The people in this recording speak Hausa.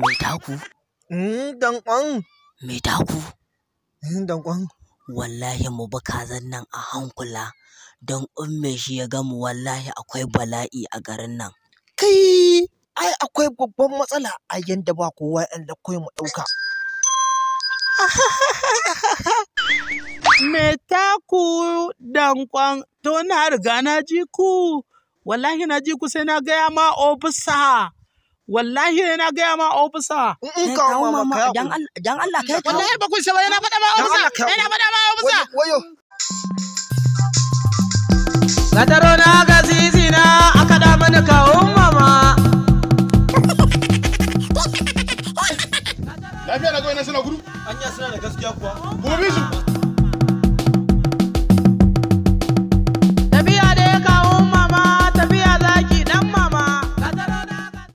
Mai taku? Hmm, dankwan. Mai taku? Hmm, dankwan. Wallahi mu bi kazan nan a hankula don in mai shi ya gamu wallahi akwai bala'i a garin nan. Kai! Ai akwai babban matsala a yadda ba kowa yan da mu ɗauka. Me dankwan to na riga na ji ku wallahi na ji ku sai na gaya ma ofisa. wallahi ne na gaya ma ofisa in ka ma ma dan Allah dan Allah kai wallahi ba kun sai na faɗa ma ofisa na faɗa ma ofisa wayo Gataro na ga na aka da mana kawun mama. Lafiya na gawai na suna gudu? Anya suna da gaskiya kuwa. Gobe bisu.